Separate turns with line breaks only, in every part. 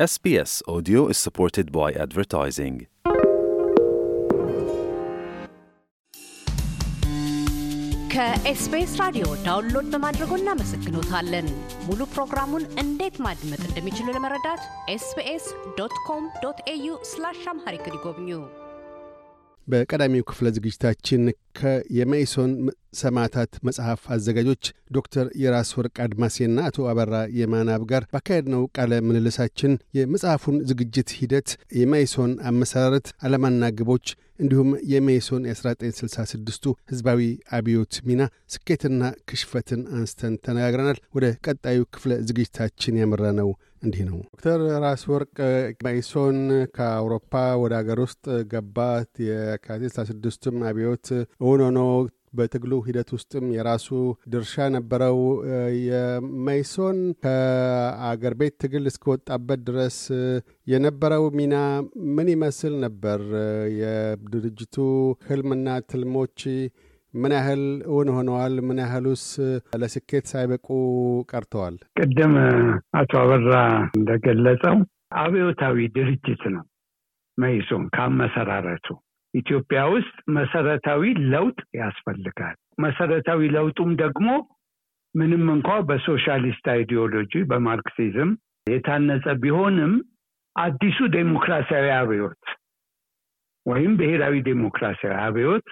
SBS Audio is supported by advertising. ከኤስቢኤስ ራዲዮ ዳውንሎድ በማድረጎ እናመሰግኖታለን። ሙሉ ፕሮግራሙን እንዴት ማድመጥ እንደሚችሉ ለመረዳት ኤስቢኤስ ዶት ኮም ዶት ኤዩ ስላሽ አምሃሪክ ይጎብኙ። በቀዳሚው ክፍለ ዝግጅታችን ከየመይሶን ሰማዕታት መጽሐፍ አዘጋጆች ዶክተር የራስ ወርቅ አድማሴና አቶ አበራ የማናብ ጋር ባካሄድነው ቃለ ምልልሳችን የመጽሐፉን ዝግጅት ሂደት፣ የመይሶን አመሰራረት፣ ዓላማና ግቦች እንዲሁም የሜሶን የ1966ቱ ህዝባዊ አብዮት ሚና ስኬትና ክሽፈትን አንስተን ተነጋግረናል። ወደ ቀጣዩ ክፍለ ዝግጅታችን ያመራ ነው እንዲህ ነው። ዶክተር ራስ ወርቅ መኢሶን ከአውሮፓ ወደ አገር ውስጥ ገባት። የካቲት 16ቱም አብዮት እውን ሆኖ በትግሉ ሂደት ውስጥም የራሱ ድርሻ ነበረው። የመይሶን ከአገር ቤት ትግል እስከወጣበት ድረስ የነበረው ሚና ምን ይመስል ነበር? የድርጅቱ ህልምና ትልሞች ምን ያህል እውን ሆነዋል? ምን ያህሉስ ለስኬት ሳይበቁ ቀርተዋል?
ቅድም አቶ አበራ እንደገለጸው አብዮታዊ ድርጅት ነው መይሶን ከአመሰራረቱ ኢትዮጵያ ውስጥ መሰረታዊ ለውጥ ያስፈልጋል። መሰረታዊ ለውጡም ደግሞ ምንም እንኳ በሶሻሊስት አይዲዮሎጂ በማርክሲዝም የታነጸ ቢሆንም አዲሱ ዴሞክራሲያዊ አብዮት ወይም ብሔራዊ ዴሞክራሲያዊ አብዮት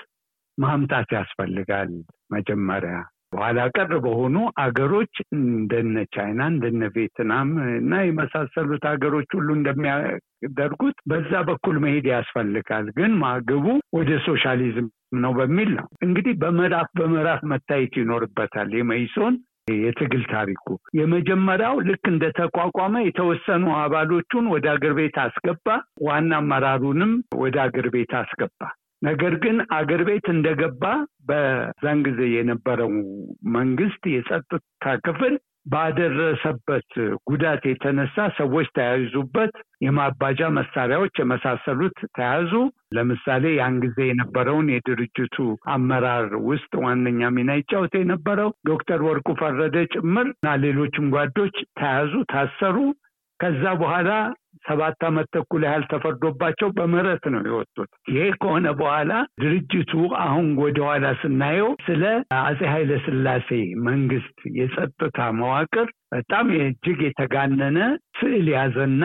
ማምጣት ያስፈልጋል መጀመሪያ ኋላ ቀር በሆኑ አገሮች እንደነ ቻይና እንደነ ቪየትናም እና የመሳሰሉት ሀገሮች ሁሉ እንደሚያደርጉት በዛ በኩል መሄድ ያስፈልጋል። ግን ማግቡ ወደ ሶሻሊዝም ነው በሚል ነው እንግዲህ በምዕራፍ በምዕራፍ መታየት ይኖርበታል። የመይሶን የትግል ታሪኩ የመጀመሪያው ልክ እንደተቋቋመ የተወሰኑ አባሎቹን ወደ አገር ቤት አስገባ፣ ዋና አመራሩንም ወደ አገር ቤት አስገባ። ነገር ግን አገር ቤት እንደገባ በዛን ጊዜ የነበረው መንግስት የጸጥታ ክፍል ባደረሰበት ጉዳት የተነሳ ሰዎች ተያይዙበት፣ የማባጃ መሳሪያዎች የመሳሰሉት ተያዙ። ለምሳሌ ያን ጊዜ የነበረውን የድርጅቱ አመራር ውስጥ ዋነኛ ሚና ይጫወት የነበረው ዶክተር ወርቁ ፈረደ ጭምር እና ሌሎችም ጓዶች ተያዙ፣ ታሰሩ። ከዛ በኋላ ሰባት ዓመት ተኩል ያህል ተፈርዶባቸው በምህረት ነው የወጡት። ይሄ ከሆነ በኋላ ድርጅቱ አሁን ወደኋላ ስናየው ስለ አጼ ኃይለ ስላሴ መንግስት የጸጥታ መዋቅር በጣም እጅግ የተጋነነ ስዕል ያዘና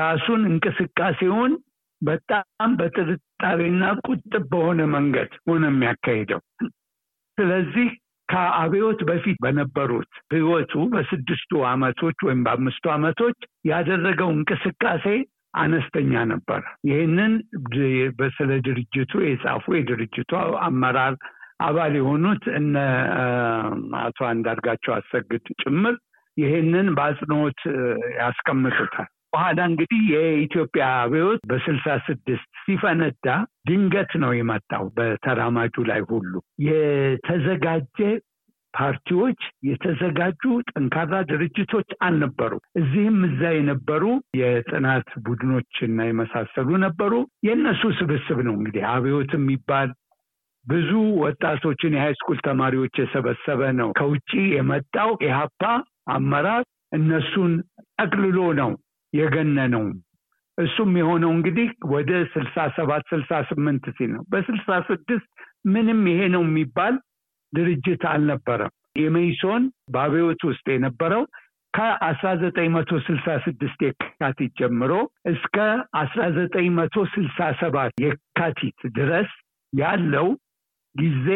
ራሱን እንቅስቃሴውን በጣም በጥርጣሬና ቁጥብ በሆነ መንገድ ሆነ የሚያካሂደው። ስለዚህ ከአብዮት በፊት በነበሩት ህይወቱ በስድስቱ አመቶች ወይም በአምስቱ አመቶች ያደረገው እንቅስቃሴ አነስተኛ ነበረ። ይህንን በስለ ድርጅቱ የጻፉ የድርጅቱ አመራር አባል የሆኑት እነ አቶ አንዳርጋቸው አሰግድ ጭምር ይህንን በአጽንኦት ያስቀምጡታል። በኋላ እንግዲህ የኢትዮጵያ አብዮት በስልሳ ስድስት ሲፈነዳ ድንገት ነው የመጣው። በተራማጁ ላይ ሁሉ የተዘጋጀ ፓርቲዎች የተዘጋጁ ጠንካራ ድርጅቶች አልነበሩ። እዚህም እዛ የነበሩ የጥናት እና የመሳሰሉ ነበሩ። የእነሱ ስብስብ ነው እንግዲህ አብዮት የሚባል ብዙ ወጣቶችን የሃይስኩል ተማሪዎች የሰበሰበ ነው። ከውጭ የመጣው የሀፓ አመራር እነሱን ጠቅልሎ ነው የገነነው። እሱም የሆነው እንግዲህ ወደ ስልሳ ሰባት ስልሳ ስምንት ሲል ነው። በስልሳ ስድስት ምንም ይሄ ነው የሚባል ድርጅት አልነበረም። የመይሶን በአብዮት ውስጥ የነበረው ከ1966 የካቲት ጀምሮ እስከ 1967 የካቲት ድረስ ያለው ጊዜ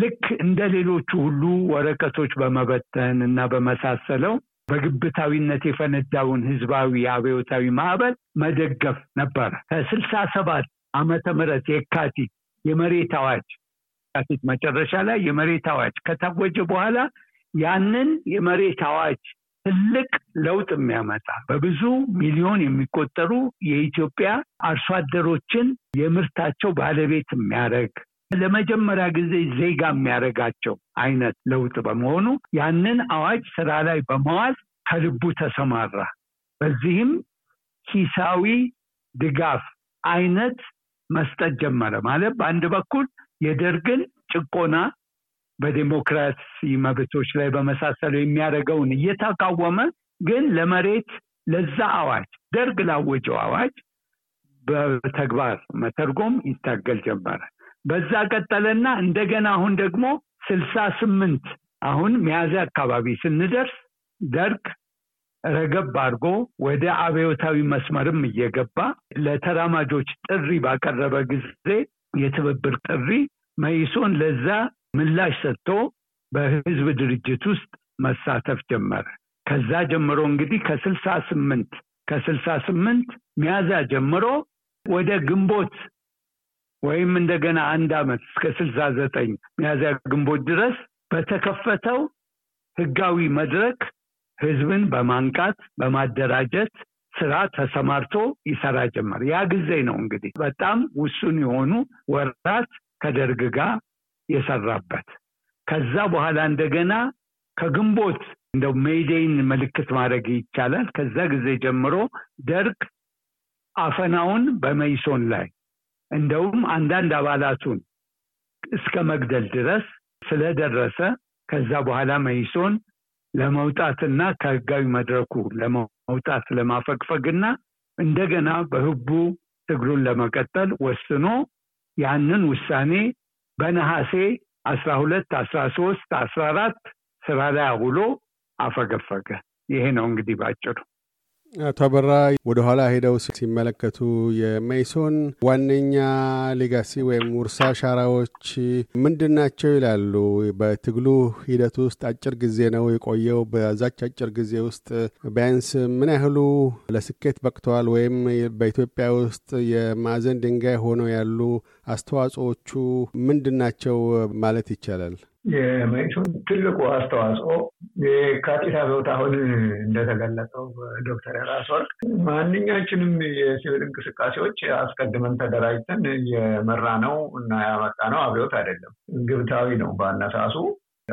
ልክ እንደ ሌሎቹ ሁሉ ወረቀቶች በመበተን እና በመሳሰለው በግብታዊነት የፈነዳውን ህዝባዊ አብዮታዊ ማዕበል መደገፍ ነበረ። ከስልሳ ሰባት ዓመተ ምህረት የካቲት የመሬት አዋጅ የካቲት መጨረሻ ላይ የመሬት አዋጅ ከታወጀ በኋላ ያንን የመሬት አዋጅ ትልቅ ለውጥ የሚያመጣ በብዙ ሚሊዮን የሚቆጠሩ የኢትዮጵያ አርሶ አደሮችን የምርታቸው ባለቤት የሚያደርግ ለመጀመሪያ ጊዜ ዜጋ የሚያደርጋቸው አይነት ለውጥ በመሆኑ ያንን አዋጅ ስራ ላይ በመዋል ከልቡ ተሰማራ። በዚህም ሂሳዊ ድጋፍ አይነት መስጠት ጀመረ። ማለት በአንድ በኩል የደርግን ጭቆና በዴሞክራሲ መብቶች ላይ በመሳሰሉ የሚያደርገውን እየተቃወመ ግን ለመሬት ለዛ አዋጅ ደርግ ላወጀው አዋጅ በተግባር መተርጎም ይታገል ጀመረ። በዛ ቀጠለና እንደገና አሁን ደግሞ ስልሳ ስምንት አሁን ሚያዝያ አካባቢ ስንደርስ ደርግ ረገብ አድርጎ ወደ አብዮታዊ መስመርም እየገባ ለተራማጆች ጥሪ ባቀረበ ጊዜ የትብብር ጥሪ መይሶን ለዛ ምላሽ ሰጥቶ በህዝብ ድርጅት ውስጥ መሳተፍ ጀመረ። ከዛ ጀምሮ እንግዲህ ከስልሳ ስምንት ከስልሳ ስምንት ሚያዝያ ጀምሮ ወደ ግንቦት ወይም እንደገና አንድ አመት እስከ ስልሳ ዘጠኝ ሚያዝያ ግንቦት ድረስ በተከፈተው ህጋዊ መድረክ ህዝብን በማንቃት በማደራጀት ስራ ተሰማርቶ ይሰራ ጀመር። ያ ጊዜ ነው እንግዲህ በጣም ውሱን የሆኑ ወራት ከደርግ ጋር የሰራበት። ከዛ በኋላ እንደገና ከግንቦት እንደው ሜይዴይን ምልክት ማድረግ ይቻላል። ከዛ ጊዜ ጀምሮ ደርግ አፈናውን በመይሶን ላይ እንደውም አንዳንድ አባላቱን እስከ መግደል ድረስ ስለደረሰ ከዛ በኋላ መይሶን ለመውጣትና ከህጋዊ መድረኩ ለመውጣት ለማፈግፈግና እንደገና በህቡ ትግሉን ለመቀጠል ወስኖ ያንን ውሳኔ በነሐሴ አስራ ሁለት አስራ ሶስት አስራ አራት ስራ ላይ አውሎ አፈገፈገ። ይሄ ነው እንግዲህ ባጭሩ።
አቶ አበራ ወደ ኋላ ሄደው ሲመለከቱ የሜይሶን ዋነኛ ሌጋሲ ወይም ውርሳ አሻራዎች ምንድን ናቸው ይላሉ? በትግሉ ሂደት ውስጥ አጭር ጊዜ ነው የቆየው። በዛች አጭር ጊዜ ውስጥ ቢያንስ ምን ያህሉ ለስኬት በቅተዋል? ወይም በኢትዮጵያ ውስጥ የማዕዘን ድንጋይ ሆነው ያሉ አስተዋጽኦዎቹ ምንድን ናቸው ማለት ይቻላል?
የመኢሶን ትልቁ አስተዋጽኦ የካቲት አብዮት አሁን እንደተገለጸው ዶክተር የራስ ወርቅ ማንኛችንም የሲቪል እንቅስቃሴዎች አስቀድመን ተደራጅተን የመራ ነው እና ያመጣ ነው አብዮት አይደለም፣ ግብታዊ ነው በአነሳሱ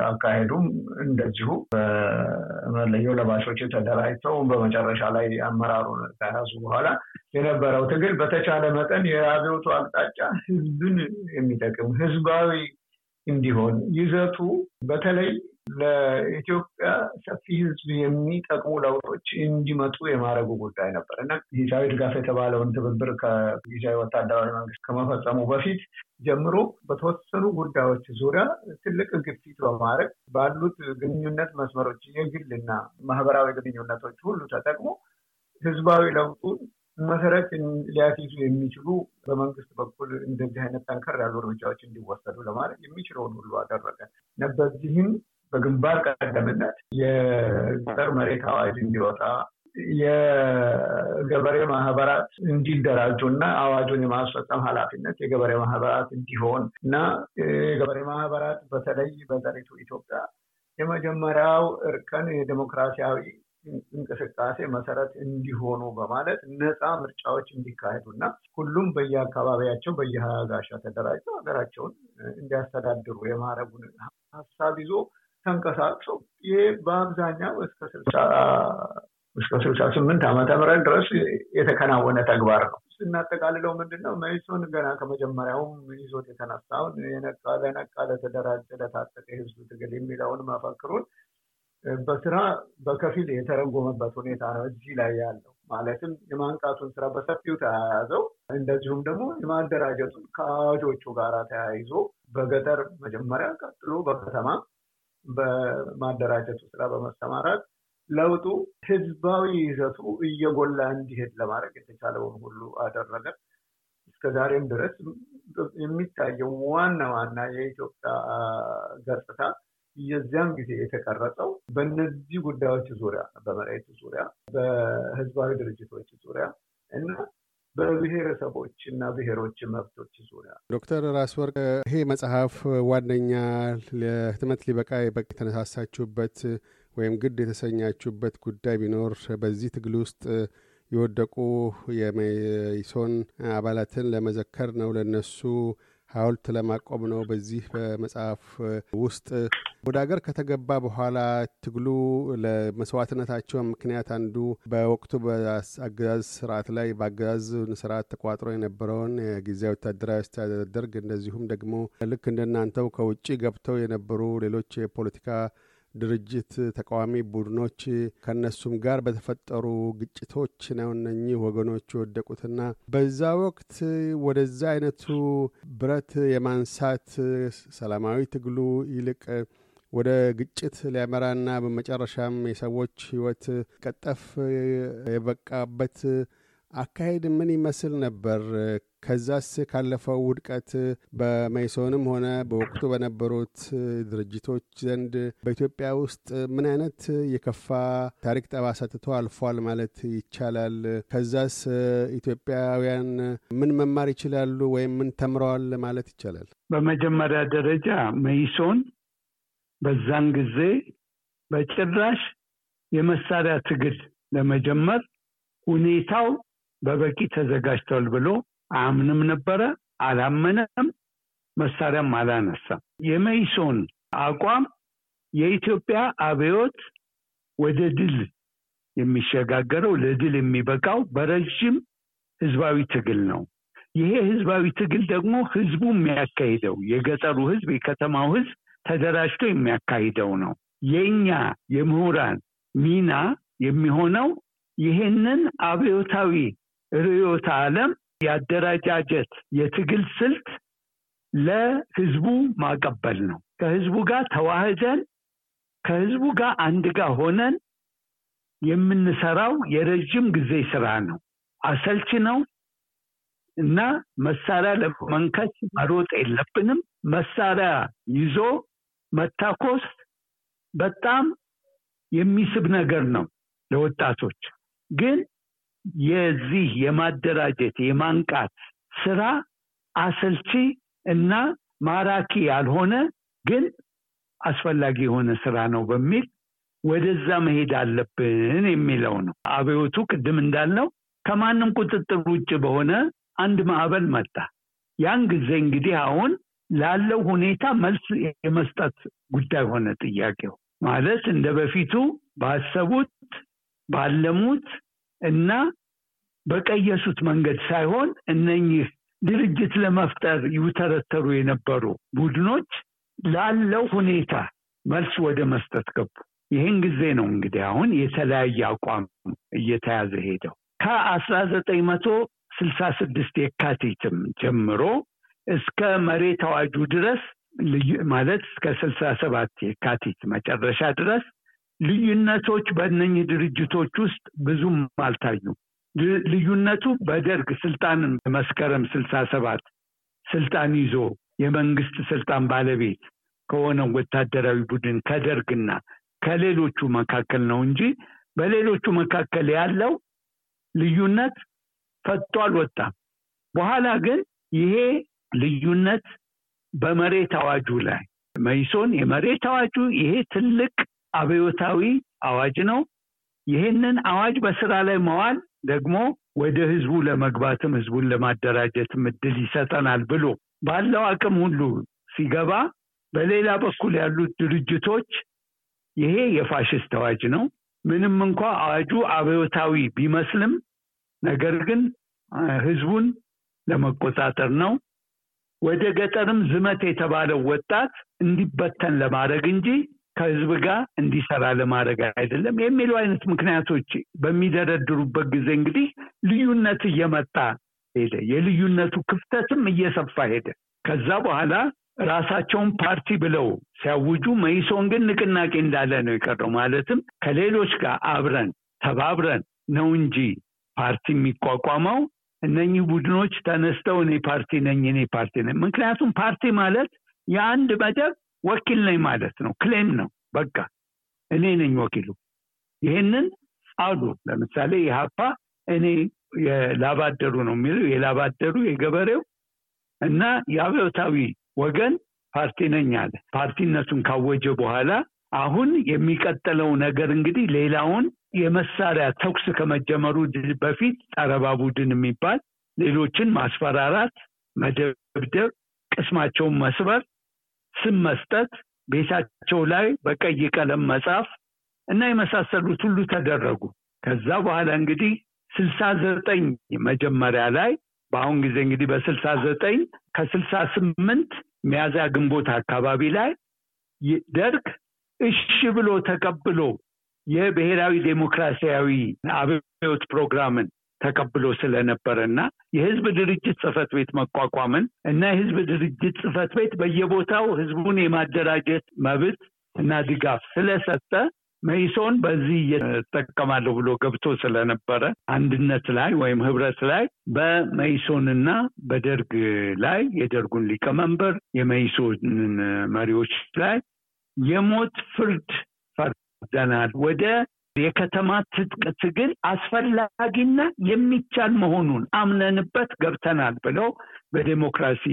አካሄዱም እንደዚሁ በመለዮ ለባሾች ተደራጅተው በመጨረሻ ላይ አመራሩን ከያዙ በኋላ የነበረው ትግል በተቻለ መጠን የአብዮቱ አቅጣጫ ህዝብን የሚጠቅም ህዝባዊ እንዲሆን ይዘቱ በተለይ ለኢትዮጵያ ሰፊ ሕዝብ የሚጠቅሙ ለውጦች እንዲመጡ የማድረጉ ጉዳይ ነበር እና ጊዜያዊ ድጋፍ የተባለውን ትብብር ከጊዜያዊ ወታደራዊ መንግስት ከመፈጸሙ በፊት ጀምሮ በተወሰኑ ጉዳዮች ዙሪያ ትልቅ ግፊት በማድረግ ባሉት ግንኙነት መስመሮች የግልና ማህበራዊ ግንኙነቶች ሁሉ ተጠቅሞ ህዝባዊ ለውጡን መሰረት ሊያስይዙ የሚችሉ በመንግስት በኩል እንደዚህ አይነት ጠንከር ያሉ እርምጃዎች እንዲወሰዱ ለማድረግ የሚችለውን ሁሉ አደረገ። በዚህም በግንባር ቀደምነት የገጠር መሬት አዋጅ እንዲወጣ
የገበሬ
ማህበራት እንዲደራጁ እና አዋጁን የማስፈጸም ኃላፊነት የገበሬ ማህበራት እንዲሆን እና የገበሬ ማህበራት በተለይ በዘሪቱ ኢትዮጵያ የመጀመሪያው እርከን የዴሞክራሲያዊ እንቅስቃሴ መሰረት እንዲሆኑ በማለት ነፃ ምርጫዎች እንዲካሄዱና ሁሉም በየአካባቢያቸው በየሀጋሻ ተደራጅተው ሀገራቸውን እንዲያስተዳድሩ የማድረጉን ሀሳብ ይዞ ተንቀሳቅሶ ይሄ በአብዛኛው እስከ ስልሳ እስከ ስልሳ ስምንት ዓመተ ምህረት ድረስ የተከናወነ ተግባር ነው። ስናጠቃልለው ምንድን ነው ገና ከመጀመሪያውም ይዞት የተነሳውን የነቃ ለነቃ ለተደራጀ ለታጠቀ የህዝብ ትግል የሚለውን መፈክሩን በስራ በከፊል የተረጎመበት ሁኔታ ነው እዚህ ላይ ያለው። ማለትም የማንቃቱን ስራ በሰፊው ተያያዘው፣ እንደዚሁም ደግሞ የማደራጀቱን ከአዋጆቹ ጋር ተያይዞ በገጠር መጀመሪያ ቀጥሎ በከተማ በማደራጀቱ ስራ በመሰማራት ለውጡ ህዝባዊ ይዘቱ እየጎላ እንዲሄድ ለማድረግ የተቻለውን ሁሉ አደረገ። እስከዛሬም ድረስ የሚታየው ዋና ዋና የኢትዮጵያ ገጽታ የዚያን ጊዜ የተቀረጸው በእነዚህ ጉዳዮች ዙሪያ በመሬት ዙሪያ በህዝባዊ ድርጅቶች ዙሪያ እና በብሔረሰቦች እና ብሔሮች መብቶች ዙሪያ
ዶክተር ራስ ወርቅ ይሄ መጽሐፍ ዋነኛ ለህትመት ሊበቃ የተነሳሳችሁበት ወይም ግድ የተሰኛችሁበት ጉዳይ ቢኖር በዚህ ትግል ውስጥ የወደቁ የመይሶን አባላትን ለመዘከር ነው ለነሱ ሐውልት ለማቆም ነው። በዚህ በመጽሐፍ ውስጥ ወደ ሀገር ከተገባ በኋላ ትግሉ ለመስዋዕትነታቸው ምክንያት አንዱ በወቅቱ በአገዛዝ ስርዓት ላይ በአገዛዝ ስርዓት ተቋጥሮ የነበረውን የጊዜያዊ ወታደራዊ ደርግ እንደዚሁም ደግሞ ልክ እንደናንተው ከውጭ ገብተው የነበሩ ሌሎች የፖለቲካ ድርጅት ተቃዋሚ ቡድኖች ከነሱም ጋር በተፈጠሩ ግጭቶች ነው እነኚህ ወገኖች የወደቁትና በዛ ወቅት ወደዛ አይነቱ ብረት የማንሳት ሰላማዊ ትግሉ ይልቅ ወደ ግጭት ሊያመራና በመጨረሻም የሰዎች ህይወት ቀጠፍ የበቃበት አካሄድ ምን ይመስል ነበር? ከዛስ ካለፈው ውድቀት በመይሶንም ሆነ በወቅቱ በነበሩት ድርጅቶች ዘንድ በኢትዮጵያ ውስጥ ምን አይነት የከፋ ታሪክ ጠባሳ ትቶ አልፏል ማለት ይቻላል? ከዛስ ኢትዮጵያውያን ምን መማር ይችላሉ ወይም ምን ተምረዋል ማለት ይቻላል?
በመጀመሪያ ደረጃ መይሶን በዛን ጊዜ በጭራሽ የመሳሪያ ትግል ለመጀመር ሁኔታው በበቂ ተዘጋጅቷል ብሎ አምንም ነበረ፣ አላመነም፣ መሳሪያም አላነሳም። የመይሶን አቋም የኢትዮጵያ አብዮት ወደ ድል የሚሸጋገረው ለድል የሚበቃው በረዥም ህዝባዊ ትግል ነው። ይሄ ህዝባዊ ትግል ደግሞ ህዝቡ የሚያካሂደው የገጠሩ ህዝብ፣ የከተማው ህዝብ ተደራጅቶ የሚያካሂደው ነው። የእኛ የምሁራን ሚና የሚሆነው ይህንን አብዮታዊ ርዕዮተ ዓለም፣ የአደረጃጀት፣ የትግል ስልት ለህዝቡ ማቀበል ነው። ከህዝቡ ጋር ተዋህደን ከህዝቡ ጋር አንድ ጋር ሆነን የምንሰራው የረዥም ጊዜ ስራ ነው። አሰልች ነው እና መሳሪያ ለመንከስ መሮጥ የለብንም። መሳሪያ ይዞ መታኮስ በጣም የሚስብ ነገር ነው ለወጣቶች። ግን የዚህ የማደራጀት የማንቃት ስራ አሰልቺ እና ማራኪ ያልሆነ ግን አስፈላጊ የሆነ ስራ ነው በሚል ወደዛ መሄድ አለብን የሚለው ነው። አብዮቱ ቅድም እንዳልነው ከማንም ቁጥጥር ውጭ በሆነ አንድ ማዕበል መጣ። ያን ጊዜ እንግዲህ አሁን ላለው ሁኔታ መልስ የመስጠት ጉዳይ ሆነ ጥያቄው። ማለት እንደ በፊቱ ባሰቡት ባለሙት እና በቀየሱት መንገድ ሳይሆን እነኚህ ድርጅት ለመፍጠር ይውተረተሩ የነበሩ ቡድኖች ላለው ሁኔታ መልስ ወደ መስጠት ገቡ። ይህን ጊዜ ነው እንግዲህ አሁን የተለያየ አቋም እየተያዘ ሄደው ከአስራ ዘጠኝ መቶ ስልሳ ስድስት የካቲትም ጀምሮ እስከ መሬት አዋጁ ድረስ ማለት እስከ ስልሳ ሰባት የካቲት መጨረሻ ድረስ ልዩነቶች በእነኝህ ድርጅቶች ውስጥ ብዙም አልታዩ ልዩነቱ በደርግ ስልጣንን መስከረም ስልሳ ሰባት ስልጣን ይዞ የመንግስት ስልጣን ባለቤት ከሆነው ወታደራዊ ቡድን ከደርግና ከሌሎቹ መካከል ነው እንጂ በሌሎቹ መካከል ያለው ልዩነት ፈቶ አልወጣም። በኋላ ግን ይሄ ልዩነት በመሬት አዋጁ ላይ መይሶን የመሬት አዋጁ ይሄ ትልቅ አብዮታዊ አዋጅ ነው። ይህንን አዋጅ በስራ ላይ መዋል ደግሞ ወደ ህዝቡ ለመግባትም ህዝቡን ለማደራጀትም ምድል ይሰጠናል ብሎ ባለው አቅም ሁሉ ሲገባ፣ በሌላ በኩል ያሉት ድርጅቶች ይሄ የፋሽስት አዋጅ ነው። ምንም እንኳ አዋጁ አብዮታዊ ቢመስልም ነገር ግን ህዝቡን ለመቆጣጠር ነው። ወደ ገጠርም ዝመት የተባለው ወጣት እንዲበተን ለማድረግ እንጂ ከህዝብ ጋር እንዲሰራ ለማድረግ አይደለም የሚሉ አይነት ምክንያቶች በሚደረድሩበት ጊዜ እንግዲህ ልዩነት እየመጣ ሄደ። የልዩነቱ ክፍተትም እየሰፋ ሄደ። ከዛ በኋላ ራሳቸውን ፓርቲ ብለው ሲያውጁ መይሶን ግን ንቅናቄ እንዳለ ነው የቀረው። ማለትም ከሌሎች ጋር አብረን ተባብረን ነው እንጂ ፓርቲ የሚቋቋመው እነኚህ ቡድኖች ተነስተው እኔ ፓርቲ ነኝ እኔ ፓርቲ ነኝ። ምክንያቱም ፓርቲ ማለት የአንድ መደብ ወኪል ነኝ ማለት ነው። ክሌም ነው። በቃ እኔ ነኝ ወኪሉ። ይህንን አሉ። ለምሳሌ የሀፓ እኔ የላባደሩ ነው የሚለው የላባደሩ የገበሬው እና የአብዮታዊ ወገን ፓርቲ ነኝ አለ። ፓርቲነቱን ካወጀ በኋላ አሁን የሚቀጥለው ነገር እንግዲህ ሌላውን የመሳሪያ ተኩስ ከመጀመሩ በፊት ጠረባ ቡድን የሚባል ሌሎችን ማስፈራራት፣ መደብደብ፣ ቅስማቸውን መስበር ስም መስጠት፣ ቤታቸው ላይ በቀይ ቀለም መጻፍ እና የመሳሰሉት ሁሉ ተደረጉ። ከዛ በኋላ እንግዲህ ስልሳ ዘጠኝ መጀመሪያ ላይ በአሁን ጊዜ እንግዲህ በስልሳ ዘጠኝ ከስልሳ ስምንት ሚያዝያ ግንቦት አካባቢ ላይ ደርግ እሺ ብሎ ተቀብሎ የብሔራዊ ዴሞክራሲያዊ አብዮት ፕሮግራምን ተቀብሎ ስለነበረና የህዝብ ድርጅት ጽህፈት ቤት መቋቋምን እና የህዝብ ድርጅት ጽህፈት ቤት በየቦታው ህዝቡን የማደራጀት መብት እና ድጋፍ ስለሰጠ መይሶን በዚህ እየጠቀማለሁ ብሎ ገብቶ ስለነበረ አንድነት ላይ ወይም ህብረት ላይ በመይሶንና በደርግ ላይ የደርጉን ሊቀመንበር የመይሶንን መሪዎች ላይ የሞት ፍርድ ፈርደናል ወደ የከተማ ትጥቅ ትግል አስፈላጊና የሚቻል መሆኑን አምነንበት ገብተናል ብለው በዴሞክራሲ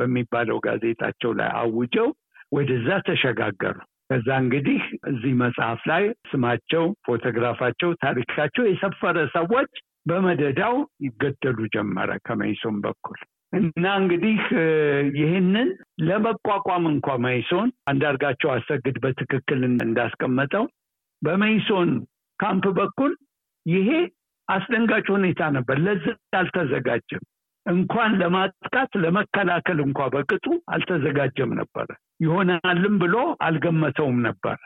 በሚባለው ጋዜጣቸው ላይ አውጀው ወደዛ ተሸጋገሩ። ከዛ እንግዲህ እዚህ መጽሐፍ ላይ ስማቸው፣ ፎቶግራፋቸው፣ ታሪካቸው የሰፈረ ሰዎች በመደዳው ይገደሉ ጀመረ ከመይሶን በኩል እና እንግዲህ ይህንን ለመቋቋም እንኳ መይሶን አንዳርጋቸው አሰግድ በትክክል እንዳስቀመጠው በመይሶን ካምፕ በኩል ይሄ አስደንጋጭ ሁኔታ ነበር። ለዚህ አልተዘጋጀም። እንኳን ለማጥቃት ለመከላከል እንኳ በቅጡ አልተዘጋጀም ነበረ። ይሆናልም ብሎ አልገመተውም ነበር።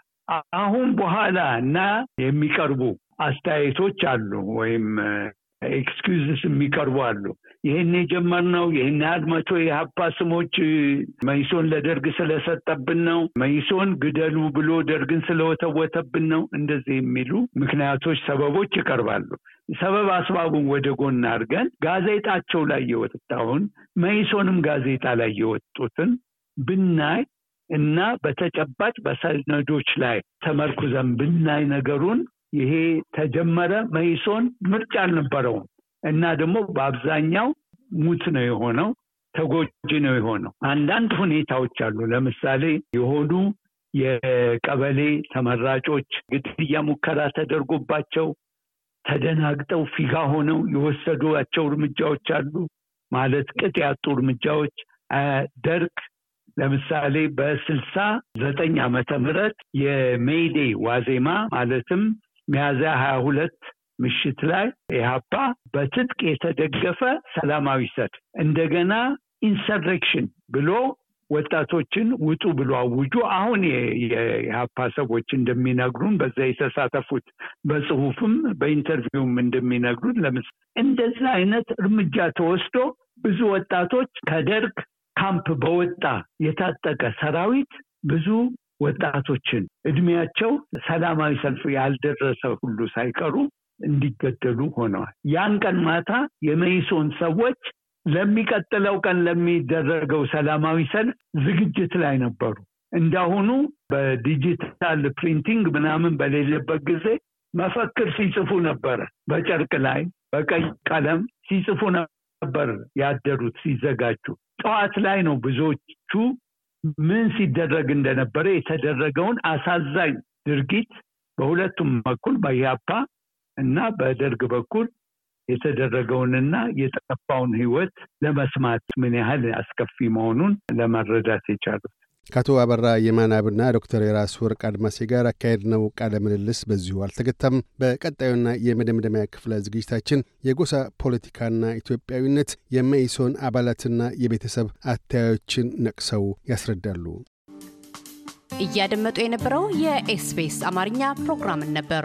አሁን በኋላ እና የሚቀርቡ አስተያየቶች አሉ ወይም ኤክስኪውዝስ የሚቀርቡ አሉ። ይህን የጀመርነው ይህን ያህል የሀፓ ስሞች መይሶን ለደርግ ስለሰጠብን ነው፣ መይሶን ግደሉ ብሎ ደርግን ስለወተወተብን ነው፣ እንደዚህ የሚሉ ምክንያቶች፣ ሰበቦች ይቀርባሉ። ሰበብ አስባቡን ወደ ጎን አድርገን ጋዜጣቸው ላይ የወጣውን መይሶንም ጋዜጣ ላይ የወጡትን ብናይ እና በተጨባጭ በሰነዶች ላይ ተመርኩዘን ብናይ ነገሩን ይሄ ተጀመረ። መይሶን ምርጫ አልነበረውም እና ደግሞ በአብዛኛው ሙት ነው የሆነው፣ ተጎጂ ነው የሆነው። አንዳንድ ሁኔታዎች አሉ። ለምሳሌ የሆኑ የቀበሌ ተመራጮች ግድያ ሙከራ ተደርጎባቸው ተደናግጠው ፊጋ ሆነው የወሰዷቸው እርምጃዎች አሉ። ማለት ቅጥ ያጡ እርምጃዎች ደርግ ለምሳሌ በስልሳ ዘጠኝ ዓመተ ምህረት የሜይዴ ዋዜማ ማለትም ሚያዝያ ሀያ ሁለት ምሽት ላይ ኢህአፓ በትጥቅ የተደገፈ ሰላማዊ ሰልፍ እንደገና ኢንሰሬክሽን ብሎ ወጣቶችን ውጡ ብሎ አውጁ። አሁን የኢህአፓ ሰዎች እንደሚነግሩን በዛ የተሳተፉት በጽሁፍም በኢንተርቪውም እንደሚነግሩን ለምስ እንደዚህ አይነት እርምጃ ተወስዶ ብዙ ወጣቶች ከደርግ ካምፕ በወጣ የታጠቀ ሰራዊት ብዙ ወጣቶችን እድሜያቸው ሰላማዊ ሰልፍ ያልደረሰ ሁሉ ሳይቀሩ እንዲገደሉ ሆነዋል። ያን ቀን ማታ የመይሶን ሰዎች ለሚቀጥለው ቀን ለሚደረገው ሰላማዊ ሰልፍ ዝግጅት ላይ ነበሩ። እንዳሁኑ በዲጂታል ፕሪንቲንግ ምናምን በሌለበት ጊዜ መፈክር ሲጽፉ ነበር። በጨርቅ ላይ በቀይ ቀለም ሲጽፉ ነበር ያደሩት ሲዘጋጁ። ጠዋት ላይ ነው ብዙዎቹ ምን ሲደረግ እንደነበረ የተደረገውን አሳዛኝ ድርጊት በሁለቱም በኩል በያፓ እና በደርግ በኩል የተደረገውንና የጠፋውን ህይወት ለመስማት ምን ያህል አስከፊ መሆኑን ለመረዳት የቻሉት
ከአቶ አበራ የማናብና ዶክተር የራስ ወርቅ አድማሴ ጋር አካሄድ ነው ቃለ ምልልስ በዚሁ አልተገታም። በቀጣዩና የመደምደሚያ ክፍለ ዝግጅታችን የጎሳ ፖለቲካና ኢትዮጵያዊነት የመኢሶን አባላትና የቤተሰብ አተያዮችን ነቅሰው ያስረዳሉ። እያደመጡ የነበረው የኤስቢኤስ አማርኛ ፕሮግራምን ነበር።